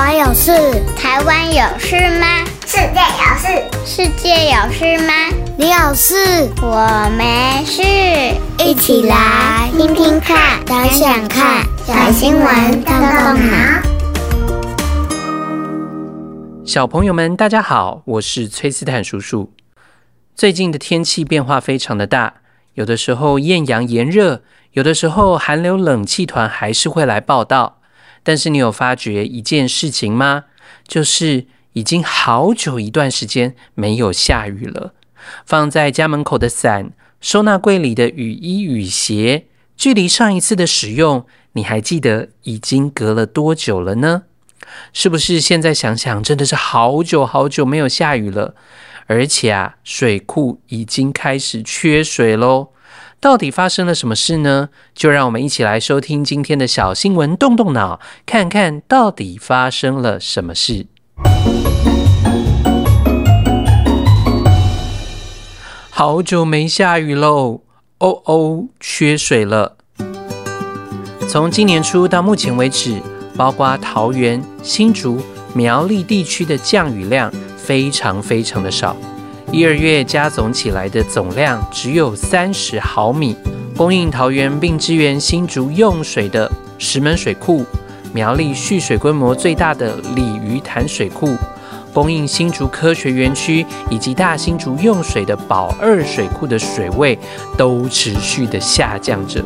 我有事，台灣有事嗎？世界有事，世界有事嗎？你有事，我沒事。一起來聽聽看，想想看，看看小新聞動動腦。小朋友們，大家好，我是崔斯坦叔叔。最近的天氣變化非常的大，有的時候豔陽炎熱，有的時候寒流冷氣團還是會來報到。但是你有發覺一件事情嗎？就是已經好久一段時間沒有下雨了。放在家門口的傘、收納櫃裡的雨衣、雨鞋，距離上一次的使用，你還記得已經隔了多久了呢？是不是現在想想，真的是好久好久沒有下雨了？而且啊，水庫已經開始缺水嘍。到底發生了什麼事呢？就讓我們一起來收聽今天的小新聞，動動腦，看看到底發生了什麼事。好久沒下雨嘍，哦哦，缺水了。從今年初到目前為止，包括桃園、新竹、苗栗地區的降雨量非常非常的少。一、二月加總起來的總量只有三十毫米，供應桃園並支援新竹用水的石門水庫、苗栗蓄水規模最大的鯉魚潭水庫、供應新竹科學園區以及大新竹用水的寶二水庫的水位都持續的下降着。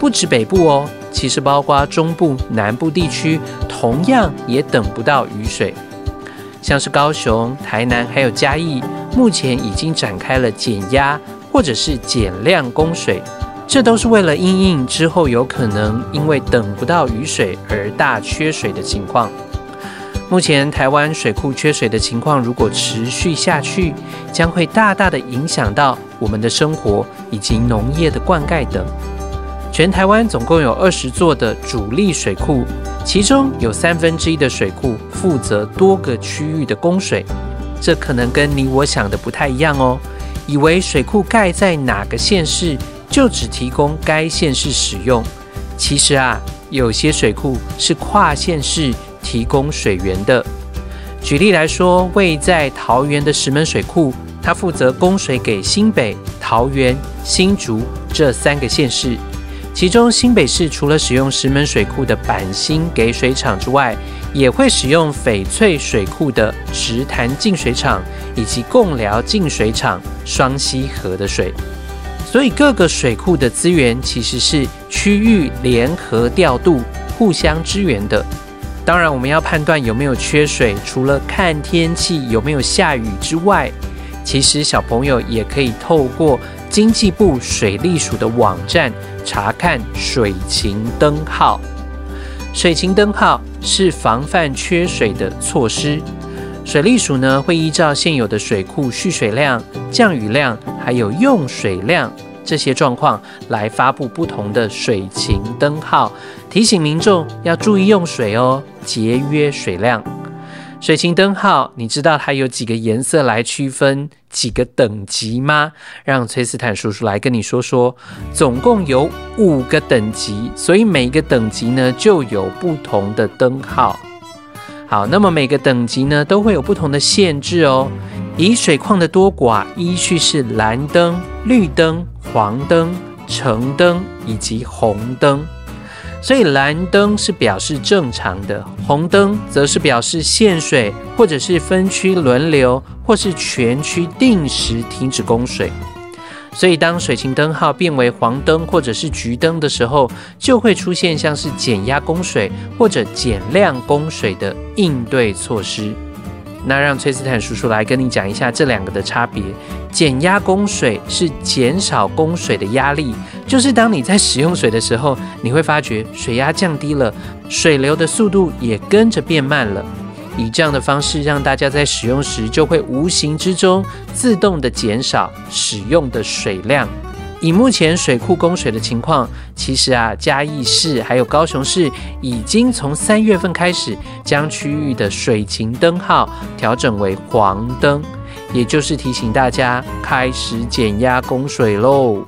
不止北部哦，其實包括中部、南部地區，同樣也等不到雨水。像是高雄、台南還有嘉義，目前已經展開了減壓或者是減量供水，這都是為了因應之後有可能因為等不到雨水而大缺水的情況。目前台灣水庫缺水的情況如果持續下去，將會大大的影響到我們的生活以及農業的灌溉等。全台灣總共有二十座的主力水庫，其中有三分之一的水庫負責多個區域的供水。這可能跟你我想的不太一樣哦。以為水庫蓋在哪個縣市，就只提供該縣市使用。其實啊，有些水庫是跨縣市提供水源的。舉例來說，位在桃園的石門水庫，它負責供水給新北、桃園、新竹這三個縣市。其中，新北市除了使用石門水庫的板新給水廠之外，也會使用翡翠水庫的石潭淨水廠以及貢寮淨水廠雙溪河的水。所以各個水庫的資源其實是區域聯合調度、互相支援的。當然，我們要判斷有沒有缺水，除了看天氣有沒有下雨之外，其實小朋友也可以透過經濟部水利署的網站。查看水情燈號，水情燈號是防範缺水的措施。水利署呢會依照現有的水庫蓄水量、降雨量還有用水量這些狀況來發布不同的水情燈號，提醒民眾要注意用水哦，節約水量。水情燈號，你知道它有幾個顏色來區分幾個等級嗎？讓崔斯坦叔叔來跟你說說，總共有五個等級，所以每一個等級呢就有不同的燈號。好，那麼每個等級呢都會有不同的限制哦。依水況的多寡，依序是藍燈、綠燈、黃燈、橙燈以及紅燈。所以藍燈是表示正常的，紅燈則是表示限水，或者是分區輪流，或是全區定時停止供水。所以當水情燈號變為黃燈或者是橘燈的時候，就會出現像是減壓供水或者減量供水的應對措施。那讓崔斯坦叔叔來跟你講一下這兩個的差別。減壓供水是減少供水的壓力，就是當你在使用水的時候，你會發覺水壓降低了，水流的速度也跟着變慢了。以這樣的方式，讓大家在使用時就會無形之中自動的減少使用的水量。以目前水庫供水的情況，其實啊，嘉義市還有高雄市已經從三月份開始將區域的水情燈號調整為黃燈，也就是提醒大家開始減壓供水嘍。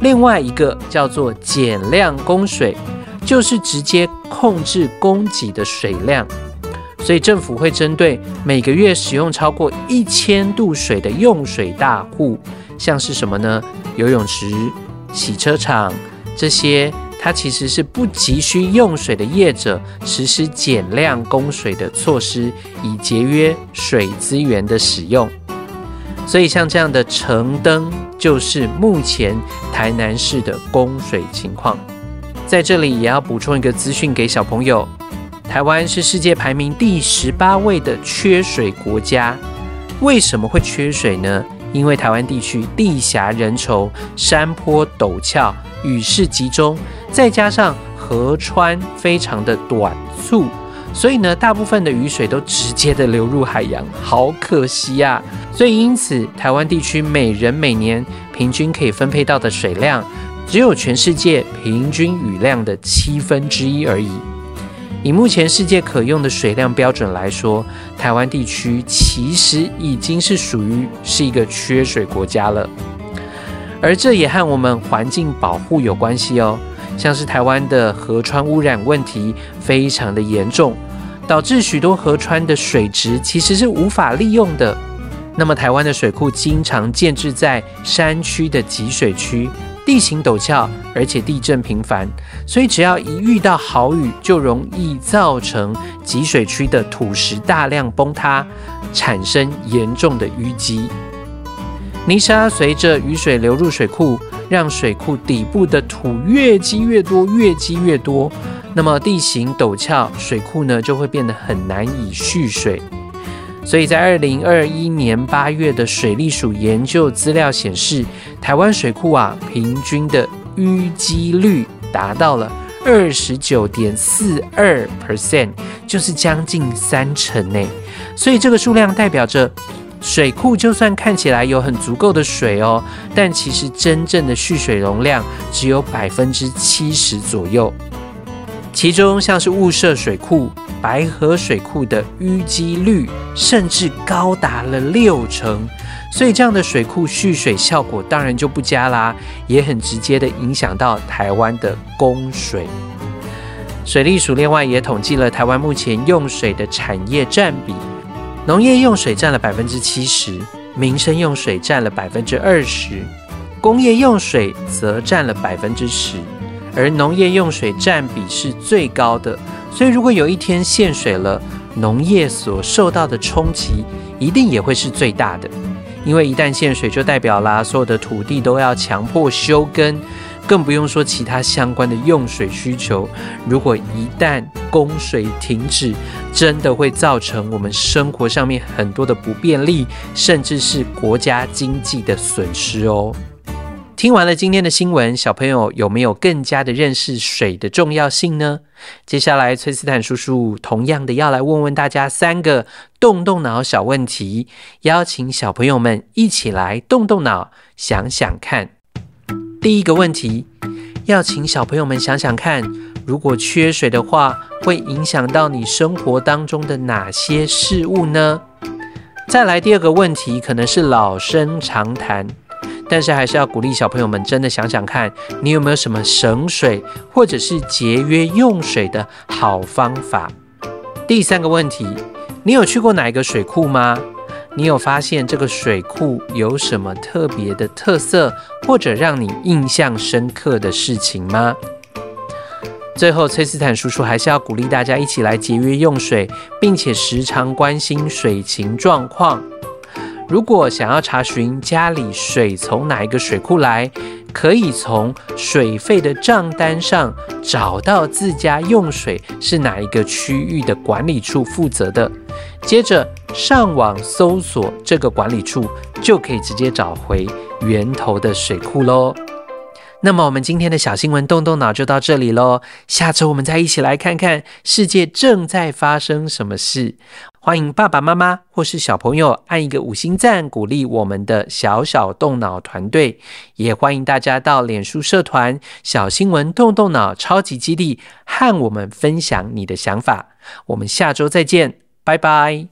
另外一個叫做減量供水，就是直接控制供給的水量，所以政府會針對每個月使用超過一千度水的用水大戶，像是什麼呢？游泳池、洗車場這些，它其實是不急需用水的業者，實施減量供水的措施，以節約水資源的使用。所以，像這樣的橙燈，就是目前台南市的供水情況。在這裡，也要補充一個資訊給小朋友：台灣是世界排名第十八位的缺水國家。為什麼會缺水呢？因為台灣地區地狹人稠，山坡陡峭，雨勢集中，再加上河川非常的短促，所以呢，大部分的雨水都直接的流入海洋，好可惜呀、啊！所以因此，台灣地區每人每年平均可以分配到的水量，只有全世界平均雨量的七分之一而已。以目前世界可用的水量標準來說，台灣地區其實已經是屬於是一個缺水國家了。而這也和我們環境保護有關係哦，像是台灣的河川污染問題非常的嚴重，導致許多河川的水質其實是無法利用的。那麼，台灣的水庫經常建置在山區的集水區。地形陡峭，而且地震頻繁，所以只要一遇到豪雨，就容易造成集水區的土石大量崩塌，產生嚴重的淤積。泥沙隨着雨水流入水庫，讓水庫底部的土越積越多，越積越多。那麼地形陡峭，水庫呢就會變得很難以蓄水。所以在二零二一年八月的水利署研究資料顯示，台灣水庫啊，平均的淤積率達到了二十九點四二 percent，就是將近三成呢。所以這個數量代表着水庫就算看起來有很足夠的水哦，但其實真正的蓄水容量只有百分之七十左右。其中像是霧社水庫、白河水庫的淤積率甚至高達了六成，所以這樣的水庫蓄水效果當然就不佳啦，啊，也很直接的影響到台灣的供水。水利署另外也統計了台灣目前用水的產業占比，農業用水占了百分之七十，民生用水占了百分之二十，工業用水則占了百分之十。而農業用水占比是最高的，所以如果有一天限水了，農業所受到的衝擊一定也會是最大的。因為一旦限水，就代表了所有的土地都要強迫休耕，更不用說其他相關的用水需求。如果一旦供水停止，真的會造成我們生活上面很多的不便利，甚至是國家經濟的損失哦。聽完了今天的新聞，小朋友有沒有更加的認識水的重要性呢？接下來，崔斯坦叔叔同樣的要來問問大家三個動動腦小問題，邀請小朋友們一起來動動腦，想想看。第一個問題，要請小朋友們想想看，如果缺水的話，會影響到你生活當中的哪些事物呢？再來第二個問題，可能是老生常談。但是還是要鼓勵小朋友們，真的想想看你有沒有什麼省水或者是節約用水的好方法。第三個問題，你有去過哪一個水庫嗎？你有發現這個水庫有什麼特別的特色，或者讓你印象深刻的事情嗎？最後，崔斯坦叔叔還是要鼓勵大家一起來節約用水，並且時常關心水情狀況。如果想要查詢家裡水從哪一個水庫來，可以從水費的賬單上找到自家用水是哪一個區域的管理處負責的。接着上網搜索這個管理處，就可以直接找回源頭的水庫嘍。那麼我們今天的小新聞動動腦就到這裡嘍。下週我們再一起來看看世界正在發生什麼事。歡迎爸爸媽媽或是小朋友按一個五星讚鼓勵我們的小小動腦團隊，也歡迎大家到臉書社團“小新聞動動腦超級基地”和我們分享你的想法。我們下周再見，拜拜。